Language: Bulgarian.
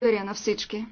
Благодаря на всички.